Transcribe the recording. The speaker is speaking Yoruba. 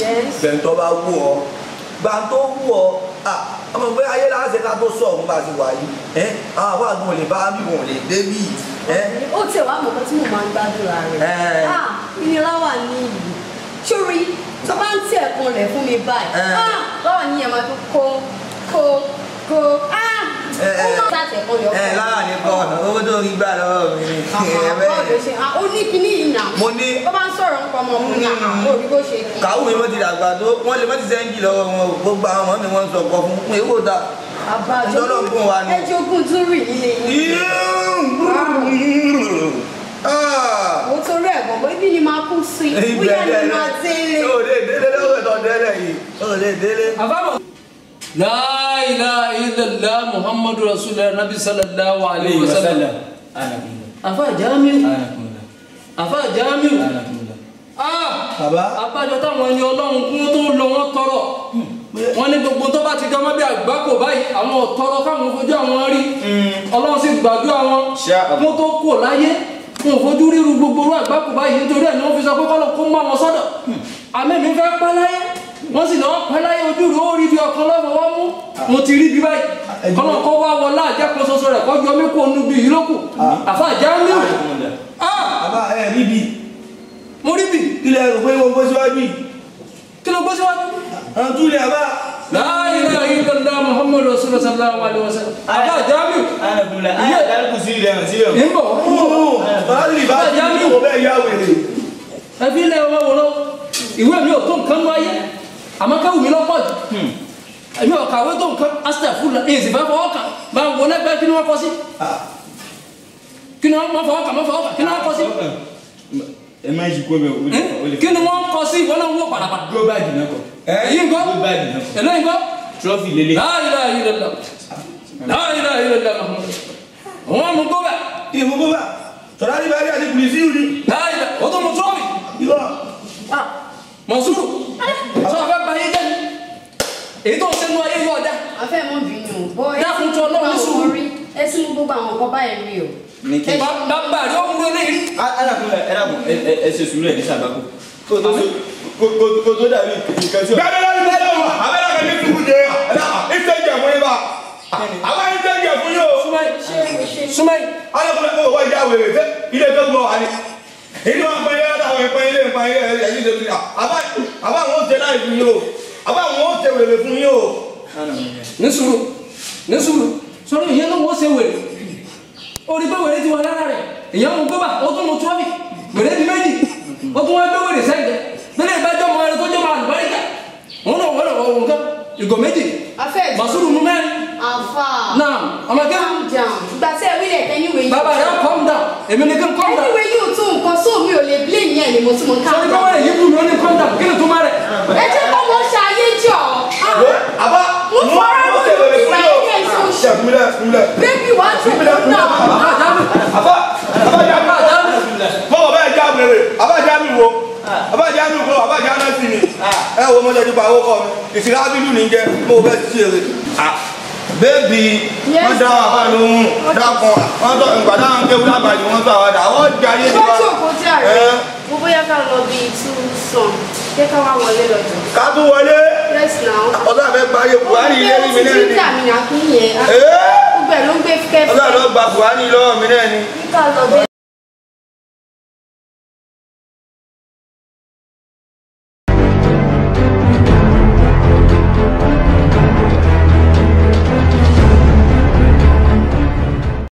bẹ́ẹ̀ tó bá wù ọ́ gbà tó wù ọ́ ọmọ pé ayé láti ká tó sọ ọ̀hún bá ti wà yìí ẹ àwọn àbá àdúgbò lè bá mi wọn lè dé bí. ó tẹ̀ wá mọ̀kàn tí mo máa ń gbàdúrà rẹ̀ ìnira wà ní ìlú sórí tó bá ń tẹ̀ ẹ̀kan rẹ̀ fún mi báyìí lọ́wọ́ ni ẹ̀ máa tó kó kó kó ẹ lára ní kọ́ọ̀nù owó tó rí gbà lọ́wọ́ mi ni. ó ní kíní ìyàn. mo ní. ó bá ń fọmọ mu ni àwọn òbí kò ṣe kí. kàwé mo ti dàgbà tó wọn lè mọ ti sẹ́ńjì lọ́wọ́ wọn o gbogbo àwọn ọmọ mi wọn sọ ọkọ fún un èwo dà. àbájọ ẹjọ ogun tún rì nílé yìí. mo torí ẹ̀gbọ́n bó ibi ni máa kú sí i bóyá ni máa délé. o lè délé lọ́wọ́ ìtọ́ délé yìí o lè délé. la ilaha illallah muhammadu rasulillah nabi sallallahu alayhi wa sallam afa jamiu afa jamiu. Ah, bàbá abájọ táwọn ẹni ọlọ́run kún tó lọ wọ́n tọrọ hmm. wọ́n ní gbogbo tó bá ti jọ mọ́bí àgbákò báyìí àwọn ọ̀tọ́rọ káwọn fojú àwọn rí hmm. ọlọ́run sì gbàdúrà wọn wọ́n tó kò láyé wọn ò fojú ríru gbogbo orú àgbákò báyìí nítorí ẹ̀ ni wọ́n fi sọ pé kọ́lọ̀ kó mọ́ wọn sọ́dọ̀ hmm. àmẹ́mi fẹ́ pẹ́ láyé wọ́n sì lọ́wọ́ pẹ́ láyé ojú rẹ̀ ó rí bí ọkàn lọ́wọ́ wọ́n mú mo ti rí bí báyìí ah, ilẹ̀ rò pé mo gbé síwájú yìí. kí ló gbé síwájú. àǹtú ilẹ̀ àbá. láàyè náà yìí kan dá muhammadu rasulillah sallallahu alayhi wa sallam. àbá jami. anabula ayé àdàlùkù sí ilẹ̀ àti ilẹ̀. ń bọ̀. báyìí báyìí kò bẹ́ẹ̀ yá wèrè. ẹbí ilẹ̀ wa wò lọ ìwé mi ò tó nǹkan lọ ayé àmọ́ ká wù mí lọ́pọ̀ jù hmm. èmi ò kàwé tó nǹkan asita fúlà èyí sì bá fọwọ́ kàn bá wọ lẹ́gbẹ̀ẹ́ kí ni wọ́n kọ́ sí ah. kí ni wọ́n fọwọ́ kàn mọ́ fọwọ́ kàn kí ni wọ́n kọ́ sí. Ah ẹ má yí kó bẹ o lè fa kí ni wọ́n kọ sí ìwọ náà wọ́n pàlàpàlà. global dina kọ. ẹ yín kọ global dina kọ. ẹ lóyún kọ. trọfì lélẹ̀. láyé láyé lọ́la láyé láyé lọ́la wọ́n mú gbọ́bà. ìyẹn mú gbọ́bà sọ̀rọ̀ àdìbò àdìbò àti pùlìsì yìí ni. láyé o tó mú trọfì. ìwọ. mọ̀sùrù sọ̀rọ̀ fẹ́ bá yé jẹ́ èyí tó ń sẹ́nu ayé yọ̀ ọ̀dà. àfẹ́ mọ̀ bínú bọ́ nìkẹ́. bàbá rẹ ó ń wọlé rí. alákùnrin ẹ dàbọ̀ ẹ ṣe sùúrù ẹ ní sàgbàkú. kò tó kò tó dàbí nǹkan tí o. gbàdúrà ní sẹ́yìn wa abẹ́rẹ́ kan ní kúkú jẹ ìfẹ́ jẹ fún yín bá. àbá yín fẹ́ jẹ fún yín o. súnmẹ́yì. alákùnrin kò wá ìjà wèrè fẹ́ ilé fẹ́ gbọ́ wa ni. inú wa pẹ́ yẹ́rẹ́ táwọn ẹ̀pẹ́ ilé ìpa ilé ẹ̀yẹ́ yìí lè fi àbá àwọn ó tẹ láì fún yín o àbá àwọn ó tẹ wèrè fún yín o. ní sùúrù ní sùúrù sọ́rọ́ ìyẹn ló wọ́ ṣe wèrè orí pé wèrè ti wà lára rẹ̀ èèyàn mú gbọ́bà ó tún mú trọ́fì wèrè di méjì ó tún wá gbé wèrè sẹ́gbẹ̀ẹ́ tẹ́lẹ̀ ìbájọ́ mọ ẹni tó jẹ́ máa lùbárí ká òun náà wọ́n lọ́wọ́ òun kan ìgò méjì màsúrù mú mẹ́rin náà ọmọdé ìgbà tí ẹ wílẹ̀ tẹ́ níwèé yìí bàbá rẹ̀ calm down èmi ni kí n calm down ẹniwèé yóò tún nǹkan sóò mi ò lè blame yẹn ni mo tún mo calm down sọ ni kí wọ́n lè yí bù mí ó ní calm down kí ni tó má rẹ̀. ẹ jẹ́ kó wọ́n ṣe ayé jọ. àbá mo fọ́ra mi ò ní ìgbà yẹn kí n sọ. abájá ní ìkọ́ abájá náà sì ni ẹ wo mọ́jọ́ nípa owó kọ́ mi ìsìlá bílù ní je, mo fẹ́ ti ṣeré. bébì wọn dá wà fún un dákun wọn tọ ìgbàdá ń kéwú lábàjì wọn tọ àwàdà wọn jẹ ayé nípa. wọ́n tún kó tí a rẹ̀ mo bóyá ká lọ bí two sàn jẹ́ ká wá wọlé lọ́jọ́. ká tún wọlé. ọ̀dọ́ àfẹ́ gba ayé buhari ilé ní mi náà ni. ọ̀dọ́ àlọ́ gba buhari lọ́wọ́ mi náà ni.